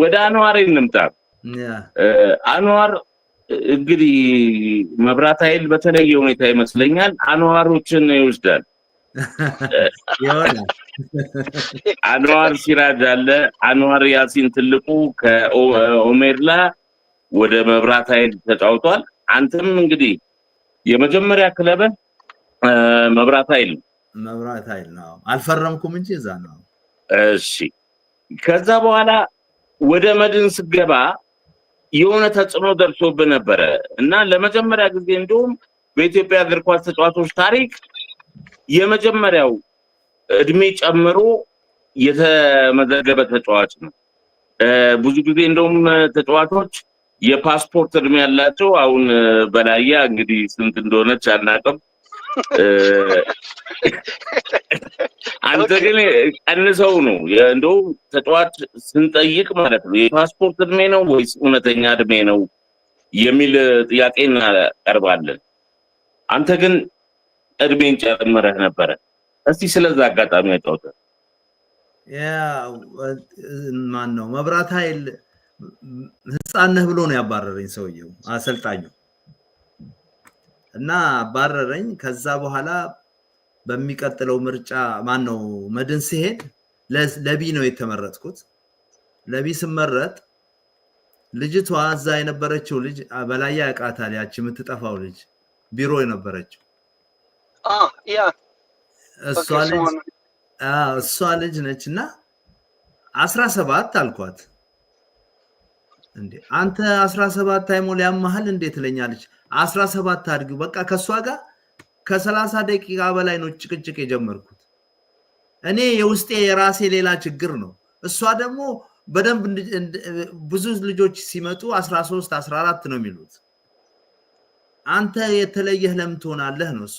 ወደ አንዋር እንምጣ። አንዋር እንግዲህ መብራት ኃይል በተለየ ሁኔታ ይመስለኛል አንዋሮችን ይወስዳል። አንዋር ሲራጅ አለ፣ አንዋር ያሲን ትልቁ ከኦሜርላ ወደ መብራት ኃይል ተጫውቷል። አንተም እንግዲህ የመጀመሪያ ክለበ መብራት ኃይል ነው። መብራት ኃይል ነው፣ አልፈረምኩም እንጂ እዛ ነው። እሺ፣ ከዛ በኋላ ወደ መድን ስገባ የሆነ ተጽዕኖ ደርሶብህ ነበረ እና ለመጀመሪያ ጊዜ እንዲሁም በኢትዮጵያ እግር ኳስ ተጫዋቾች ታሪክ የመጀመሪያው እድሜ ጨምሮ የተመዘገበ ተጫዋች ነው። ብዙ ጊዜ እንደውም ተጫዋቾች የፓስፖርት እድሜ ያላቸው አሁን በላያ እንግዲህ ስንት እንደሆነች አናውቅም አንተ ግን ቀንሰው ነው እንደው ተጫዋች ስንጠይቅ ማለት ነው የፓስፖርት እድሜ ነው ወይስ እውነተኛ እድሜ ነው የሚል ጥያቄ እናቀርባለን። አንተ ግን እድሜን ጨምረህ ነበረ። እስቲ ስለዛ አጋጣሚ ያጫውተ። ማን ነው መብራት ኃይል ህፃነህ ብሎ ነው ያባረረኝ ሰውየው አሰልጣኙ እና ባረረኝ። ከዛ በኋላ በሚቀጥለው ምርጫ ማን ነው መድን ሲሄድ ለቢ ነው የተመረጥኩት። ለቢ ስመረጥ ልጅቷ እዛ የነበረችው ልጅ በላይ ያውቃታል። ያቺ የምትጠፋው ልጅ ቢሮ የነበረችው እሷ ልጅ ነች እና አስራ ሰባት አልኳት። እንዴ አንተ አስራ ሰባት ታይሞ ሊያመሃል እንዴት ትለኛለች አስራ ሰባት አድግ በቃ ከእሷ ጋር ከሰላሳ ደቂቃ በላይ ነው ጭቅጭቅ የጀመርኩት። እኔ የውስጤ የራሴ ሌላ ችግር ነው። እሷ ደግሞ በደንብ ብዙ ልጆች ሲመጡ 13 14 ነው የሚሉት። አንተ የተለየህ ለምን ትሆናለህ ነው እሷ።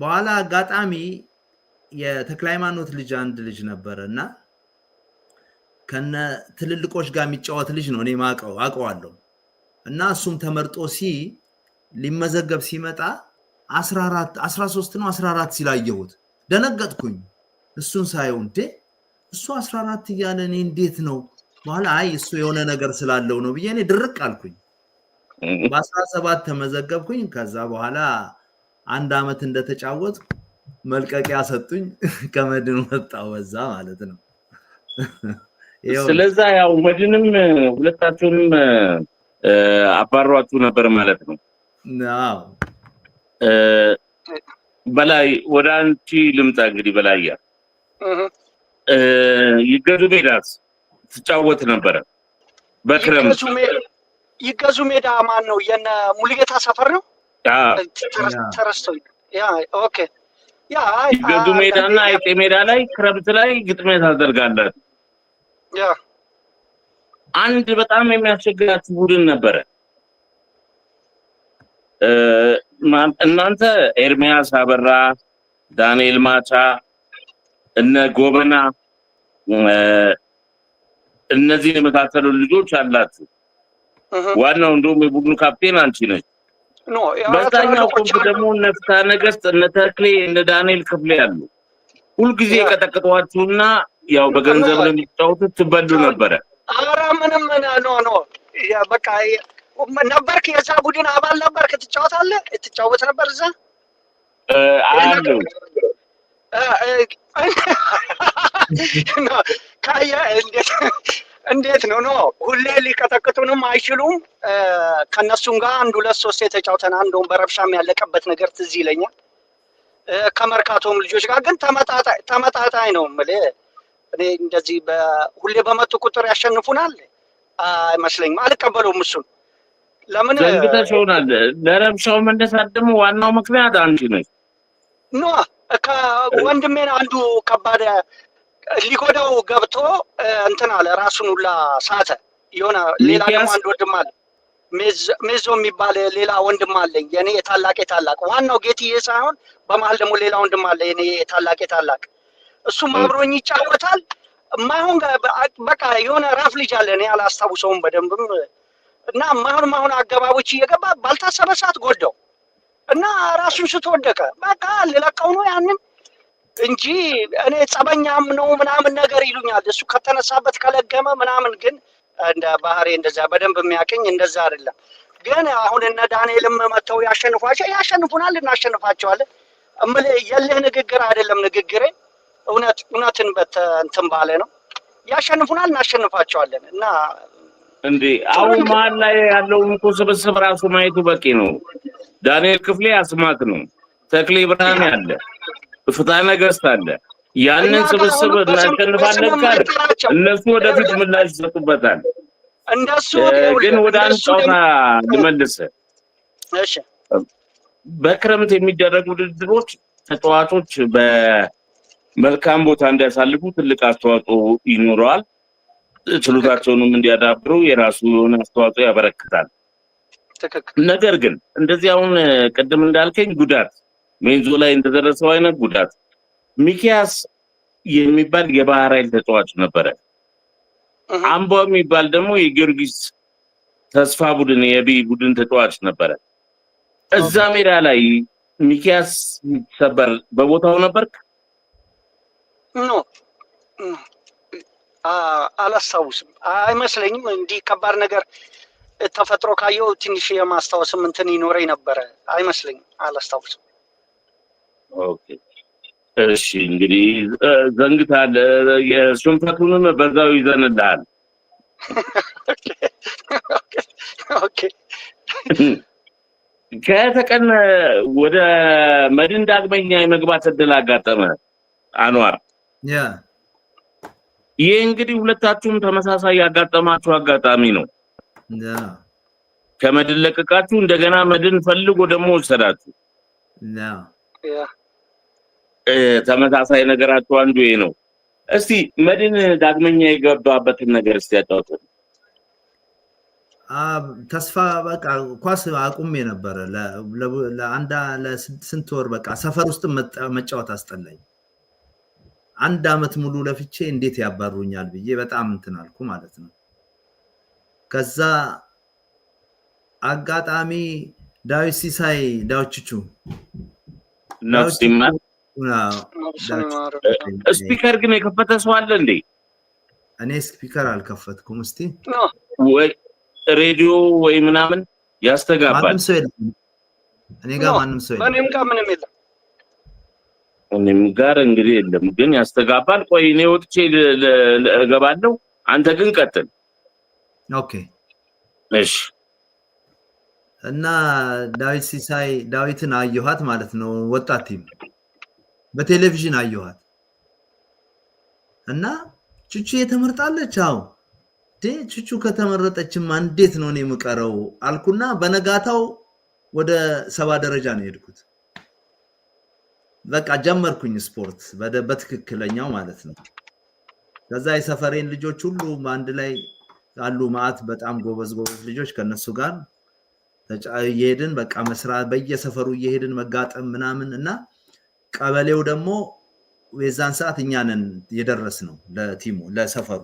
በኋላ አጋጣሚ የተክለ ሃይማኖት ልጅ አንድ ልጅ ነበረ እና ከነ ትልልቆች ጋር የሚጫወት ልጅ ነው። እኔ አውቀዋለሁ እና እሱም ተመርጦ ሲ ሊመዘገብ ሲመጣ 13 ነው 14 ሲላየሁት ደነገጥኩኝ። እሱን ሳየው እንዴ እሱ 14 እያለ እኔ እንዴት ነው በኋላ አይ እሱ የሆነ ነገር ስላለው ነው ብዬ እኔ ድርቅ አልኩኝ። በ17 ተመዘገብኩኝ። ከዛ በኋላ አንድ አመት እንደተጫወት መልቀቂያ ሰጡኝ። ከመድን ወጣሁ በዛ ማለት ነው። ስለዛ ያው መድንም ሁለታችሁንም አባሯችሁ ነበር ማለት ነው። በላይ ወደ አንቺ ልምጣ። እንግዲህ በላያ ይገዙ ሜዳስ ትጫወት ነበረ በክረምት ይገዙ ሜዳ ማን ነው? የነ ሙሉጌታ ሰፈር ነው ተረስቶኝ። ኦኬ ይገዙ ሜዳና አይጤ ሜዳ ላይ ክረምት ላይ ግጥሚያ ታደርጋለን። አንድ በጣም የሚያስቸግራችሁ ቡድን ነበረ። እናንተ ኤርሚያስ አበራ፣ ዳንኤል ማቻ፣ እነ ጎበና እነዚህን የመሳሰሉ ልጆች አላችሁ። ዋናው እንደውም የቡድኑ ካፕቴን አንቺ ነች። በዛኛው ክንፍ ደግሞ እነ ፍትሐ ነገሥት፣ እነ ተክሌ፣ እነ ዳንኤል ክፍሌ አሉ። ሁልጊዜ ቀጠቅጠዋችሁና ያው በገንዘብ ነው የሚጫወቱት። ትበሉ ነበረ አረ ምንም ነው ነው በቃ ነበርክ የዛ ቡድን አባል ነበርክ ትጫወታለህ ትጫወት ነበር እዛ ካየህ እንዴት እንዴት ነው ነው ሁሌ ሊቀጠቅጡንም አይችሉም ከእነሱም ጋር አንድ ሁለት ሶስት የተጫውተና እንደውም በረብሻም ያለቀበት ነገር ትዝ ይለኛል ከመርካቶም ልጆች ጋር ግን ተመጣጣኝ ነው የምልህ እኔ እንደዚህ ሁሌ በመጡ ቁጥር ያሸንፉናል አይመስለኝም። አልቀበለውም እሱን ለምን ዘንግተሽውናል። ለረብሻውም እንደሳደሙ ዋናው ምክንያት አንቺ ነሽ። ኖ ከወንድሜን አንዱ ከባድ ሊጎዳው ገብቶ እንትን አለ ራሱን ሁላ ሳተ። የሆነ ሌላ ደግሞ አንድ ወንድም አለ ሜዞ የሚባል ሌላ ወንድም አለኝ የኔ የታላቅ የታላቅ ዋናው ጌትዬ ሳይሆን በመሀል ደግሞ ሌላ ወንድም አለ የኔ የታላቅ የታላቅ እሱም አብሮኝ ይጫወታል። ማሁን በቃ የሆነ ራፍ ልጅ አለ እኔ አላስታውሰውም በደንብም እና ማሁን ማሁን አገባቦች እየገባ ባልታሰበ ሰዓት ጎደው እና ራሱን ስትወደቀ በቃ ልለቀው ነው ያንን እንጂ እኔ ጸበኛም ነው ምናምን ነገር ይሉኛል። እሱ ከተነሳበት ከለገመ ምናምን ግን እንደ ባህሬ እንደዛ በደንብ የሚያቀኝ እንደዛ አይደለም። ግን አሁን እነ ዳንኤልም መጥተው ያሸንፏቸው ያሸንፉናል፣ እናሸንፋቸዋለን። እምልህ የልህ ንግግር አይደለም ንግግሬ እውነት እውነትን እንትን ባለ ነው ያሸንፉናል፣ እናሸንፋቸዋለን እና እንዴ አሁን መሀል ላይ ያለውን እኮ ስብስብ ራሱ ማየቱ በቂ ነው። ዳንኤል ክፍሌ አስማት ነው፣ ተክሌ ብርሃን አለ፣ ፍትሐ ነገስት አለ። ያንን ስብስብ እናሸንፋለን ካል እነሱ ወደፊት ምላሽ ይሰጡበታል። እንደሱ ግን ወደ አንድ ጨዋታ ልመልስህ። በክረምት የሚደረጉ ውድድሮች ተጫዋቾች መልካም ቦታ እንዲያሳልፉ ትልቅ አስተዋጽኦ ይኖረዋል። ችሎታቸውንም እንዲያዳብሩ የራሱ የሆነ አስተዋጽኦ ያበረክታል። ነገር ግን እንደዚህ አሁን ቅድም እንዳልከኝ ጉዳት ሜንዞ ላይ እንደደረሰው አይነት ጉዳት ሚኪያስ የሚባል የባህር ኃይል ተጫዋች ነበረ። አምቦ የሚባል ደግሞ የጊዮርጊስ ተስፋ ቡድን የቢ ቡድን ተጫዋች ነበረ። እዛ ሜዳ ላይ ሚኪያስ ሲሰበር በቦታው ነበርክ? ኖ አላስታውስም፣ አይመስለኝም። እንዲህ ከባድ ነገር ተፈጥሮ ካየው ትንሽ የማስታወስም እንትን ይኖረኝ ነበረ። አይመስለኝም፣ አላስታውስም። እሺ እንግዲህ ዘንግታል። ሽንፈቱንም በዛው ይዘንልሃል። ከተቀን ወደ መድን ዳግመኛ የመግባት እድል አጋጠመ አኗር ይሄ እንግዲህ ሁለታችሁም ተመሳሳይ ያጋጠማችሁ አጋጣሚ ነው። ከመድን ለቀቃችሁ እንደገና መድን ፈልጎ ደግሞ ወሰዳችሁ። ተመሳሳይ ነገራችሁ አንዱ ይሄ ነው። እስቲ መድን ዳግመኛ የገባበትን ነገር እስቲ ያጫውጡ። ተስፋ በቃ ኳስ አቁሜ ነበረ ለአንዳ ለስንት ወር በቃ ሰፈር ውስጥ መጫወት አስጠላኝ። አንድ አመት ሙሉ ለፍቼ እንዴት ያባሩኛል ብዬ በጣም እንትን አልኩ ማለት ነው። ከዛ አጋጣሚ ዳዊት ሲሳይ ዳዎችቹ ስፒከር ግን የከፈተ ሰው አለ እንዴ? እኔ ስፒከር አልከፈትኩም። እስቲ ሬዲዮ ወይ ምናምን ያስተጋባል። ማንም ሰው የለም እኔ ጋር ማንም ሰው የለም። እኔም ጋር ምንም የለም። እኔም ጋር እንግዲህ የለም ግን ያስተጋባል። ቆይ እኔ ወጥቼ እገባለሁ፣ አንተ ግን ቀጥል። ኦኬ እሺ። እና ዳዊት ሲሳይ ዳዊትን አየኋት ማለት ነው። ወጣትም በቴሌቪዥን አየኋት እና ቹቹ የተመርጣለች። አዎ ቹቹ ከተመረጠችማ እንዴት ነው እኔ የምቀረው አልኩና በነጋታው ወደ ሰባ ደረጃ ነው የሄድኩት። በቃ ጀመርኩኝ ስፖርት በትክክለኛው ማለት ነው። ከዛ የሰፈሬን ልጆች ሁሉ አንድ ላይ ያሉ ማዕት በጣም ጎበዝ ጎበዝ ልጆች ከነሱ ጋር እየሄድን በቃ መስራት በየሰፈሩ እየሄድን መጋጠም ምናምን እና ቀበሌው ደግሞ የዛን ሰዓት እኛንን የደረስ ነው ለቲሙ ለሰፈሩ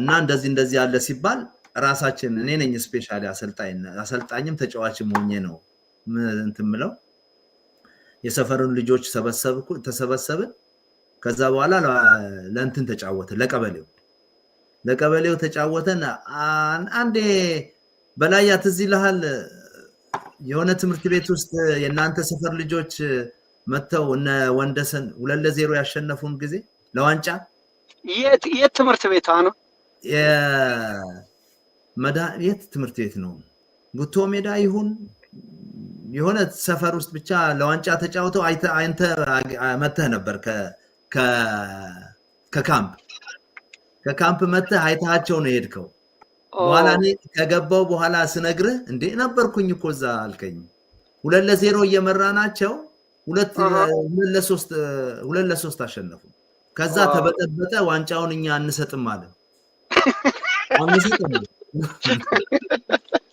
እና እንደዚህ እንደዚህ ያለ ሲባል ራሳችን እኔ ነኝ ስፔሻሊ አሰልጣኝም ተጫዋችም ሆኜ ነው ምንትምለው የሰፈሩን ልጆች ተሰበሰብን። ከዛ በኋላ ለእንትን ተጫወትን፣ ለቀበሌው ለቀበሌው ተጫወተን። አንዴ በላያ ትዝ ይልሃል? የሆነ ትምህርት ቤት ውስጥ የእናንተ ሰፈር ልጆች መጥተው እነ ወንደሰን ሁለት ለዜሮ ያሸነፉን ጊዜ ለዋንጫ የት ትምህርት ቤቷ ነው? የት ትምህርት ቤት ነው? ጉቶ ሜዳ ይሁን የሆነ ሰፈር ውስጥ ብቻ ለዋንጫ ተጫውተው አይተ መተህ ነበር ከካምፕ ከካምፕ መተህ አይተሃቸው ነው የሄድከው። በኋላ ከገባው በኋላ ስነግርህ እንዴ ነበርኩኝ እኮ እዛ አልከኝ። ሁለት ለዜሮ እየመራ ናቸው ሁለት ለሶስት አሸነፉ። ከዛ ተበጠበጠ። ዋንጫውን እኛ አንሰጥም አለ አንሰጥም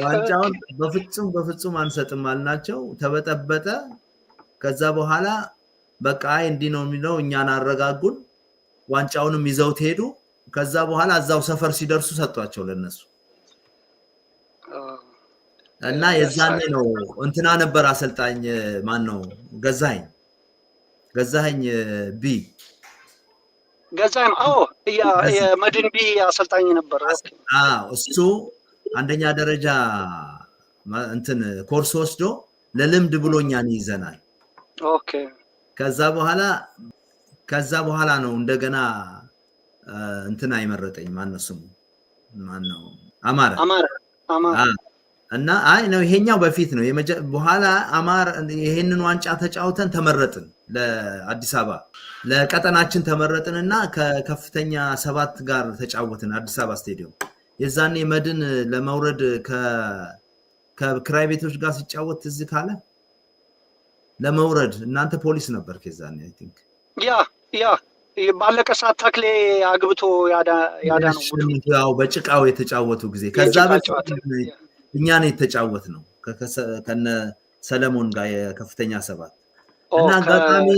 ዋንጫውን በፍጹም በፍጹም አንሰጥም አልናቸው። ተበጠበጠ። ከዛ በኋላ በቃ አይ እንዲህ ነው የሚለው እኛን አረጋጉን። ዋንጫውንም ይዘውት ሄዱ። ከዛ በኋላ እዛው ሰፈር ሲደርሱ ሰጧቸው ለነሱ እና የዛኔ ነው እንትና ነበር አሰልጣኝ ማን ነው ገዛኸኝ ገዛኸኝ ቢ ገዛኸኝ አዎ የመድን ቢ አሰልጣኝ ነበር እሱ አንደኛ ደረጃ እንትን ኮርስ ወስዶ ለልምድ ብሎኛን ይዘናል። ከዛ በኋላ ከዛ በኋላ ነው እንደገና እንትን አይመረጠኝ ማነው ስሙ ማነው አማረ እና አይ ነው ይሄኛው በፊት ነው በኋላ አማር ይሄንን ዋንጫ ተጫውተን ተመረጥን። ለአዲስ አበባ ለቀጠናችን ተመረጥን እና ከከፍተኛ ሰባት ጋር ተጫወትን አዲስ አበባ ስቴዲየም የዛኔ መድን ለመውረድ ከክራይ ቤቶች ጋር ሲጫወት ትዝ ካለ ለመውረድ እናንተ ፖሊስ ነበር። ከዛኔ አይ ቲንክ ያ ያ ባለቀ ሰዓት ተክሌ አግብቶ ያዳነው በጭቃው የተጫወቱ ጊዜ ከዛ እኛ ነው የተጫወት ነው ከነ ሰለሞን ጋር የከፍተኛ ሰባት እና አጋጣሚ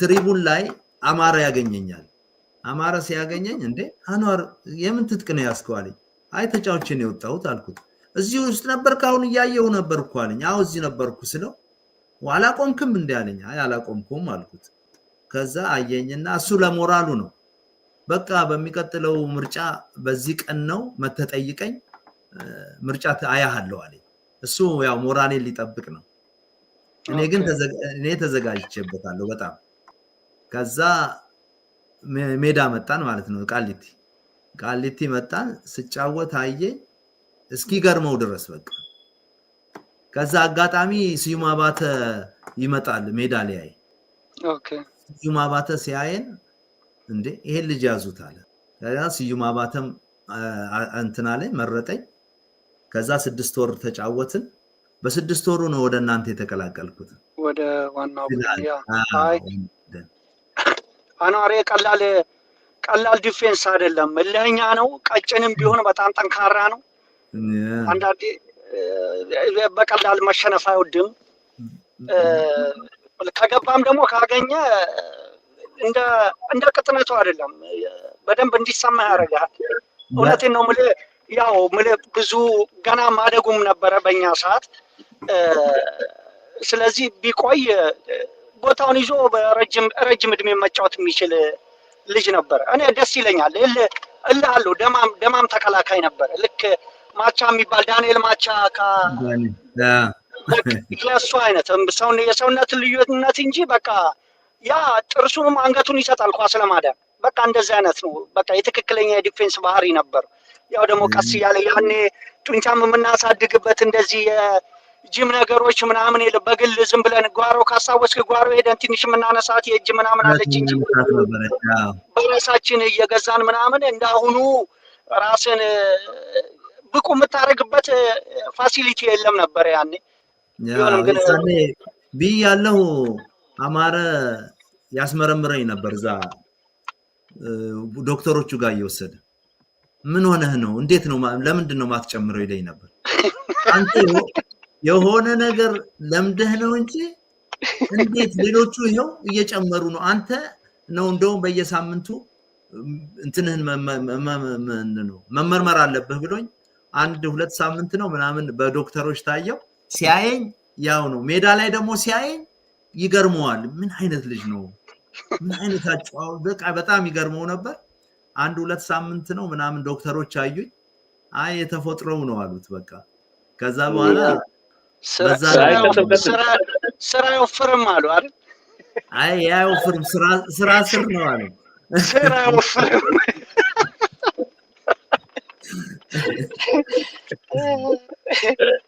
ትሪቡን ላይ አማራ ያገኘኛል አማረ ሲያገኘኝ እንዴ አኗር የምን ትጥቅ ነው ያዝከው አለኝ። አይ ተጫዎችን የወጣሁት አልኩት። እዚህ ውስጥ ነበር ካሁን እያየሁ ነበር እኮ አለኝ። አዎ እዚህ ነበርኩ ስለው አላቆምክም እንዲ አለኝ። አይ አላቆምኩም አልኩት። ከዛ አየኝና እሱ ለሞራሉ ነው በቃ በሚቀጥለው ምርጫ በዚህ ቀን ነው መተጠይቀኝ ምርጫ አያሃለው አለኝ። እሱ ያው ሞራሌን ሊጠብቅ ነው። እኔ ግን እኔ ተዘጋጅቼበታለሁ በጣም ከዛ ሜዳ መጣን ማለት ነው። ቃሊቲ ቃሊቲ መጣን። ስጫወት አየኝ እስኪገርመው ድረስ በቃ። ከዛ አጋጣሚ ስዩም አባተ ይመጣል ሜዳ ሊያይ። ስዩም አባተ ሲያየን እንዴ ይሄን ልጅ ያዙት አለ። ከዛ ስዩም አባተም እንትና ላይ መረጠኝ። ከዛ ስድስት ወር ተጫወትን። በስድስት ወሩ ነው ወደ እናንተ የተቀላቀልኩት ወደ ዋናው አኗሬ ቀላል ቀላል ዲፌንስ አይደለም። እልህኛ ነው። ቀጭንም ቢሆን በጣም ጠንካራ ነው። አንዳንዴ በቀላል መሸነፍ አይወድም። ከገባም ደግሞ ካገኘ እንደ እንደ ቅጥነቱ አይደለም፣ በደንብ እንዲሰማ ያደርጋል። እውነቴን ነው የምልህ። ያው የምልህ ብዙ ገና ማደጉም ነበረ በእኛ ሰዓት። ስለዚህ ቢቆይ ቦታውን ይዞ ረጅም እድሜ መጫወት የሚችል ልጅ ነበር። እኔ ደስ ይለኛል። እልህ ደማም ደማም ተከላካይ ነበር። ልክ ማቻ የሚባል ዳንኤል ማቻ የእሱ አይነት የሰውነት ልዩነት እንጂ በቃ ያ ጥርሱንም አንገቱን ይሰጣል ኳስ ለማዳን በቃ እንደዚህ አይነት ነው። በቃ የትክክለኛ የዲፌንስ ባህሪ ነበር። ያው ደግሞ ቀስ እያለ ያኔ ጡንቻም የምናሳድግበት እንደዚህ ጅም ነገሮች ምናምን የለም። በግል ዝም ብለን ጓሮ ካሳወስክ ጓሮ ሄደን ትንሽ የምናነሳት የእጅ ምናምን አለች እንጂ በራሳችን እየገዛን ምናምን እንዳሁኑ ራስን ብቁ የምታደርግበት ፋሲሊቲ የለም ነበር ያኔ። ቢሆንም ግን ብይ ያለው አማረ ያስመረምረኝ ነበር እዛ ዶክተሮቹ ጋር እየወሰደ ምን ሆነህ ነው እንዴት ነው ለምንድን ነው ማትጨምረው ይለኝ ነበር አንተ የሆነ ነገር ለምደህ ነው እንጂ እንዴት ሌሎቹ ይኸው እየጨመሩ ነው። አንተ ነው እንደውም በየሳምንቱ እንትንህን መመርመር አለብህ ብሎኝ አንድ ሁለት ሳምንት ነው ምናምን በዶክተሮች ታየው። ሲያየኝ ያው ነው። ሜዳ ላይ ደግሞ ሲያየኝ ይገርመዋል። ምን አይነት ልጅ ነው? ምን አይነት በቃ በጣም ይገርመው ነበር። አንድ ሁለት ሳምንት ነው ምናምን ዶክተሮች አዩኝ። አይ የተፈጥሮው ነው አሉት። በቃ ከዛ በኋላ ስራ አይወፍርም አሉ አይደል? አይ አይወፍርም፣ ስራ ስር ነው አሉ። ስራ አይወፍርም።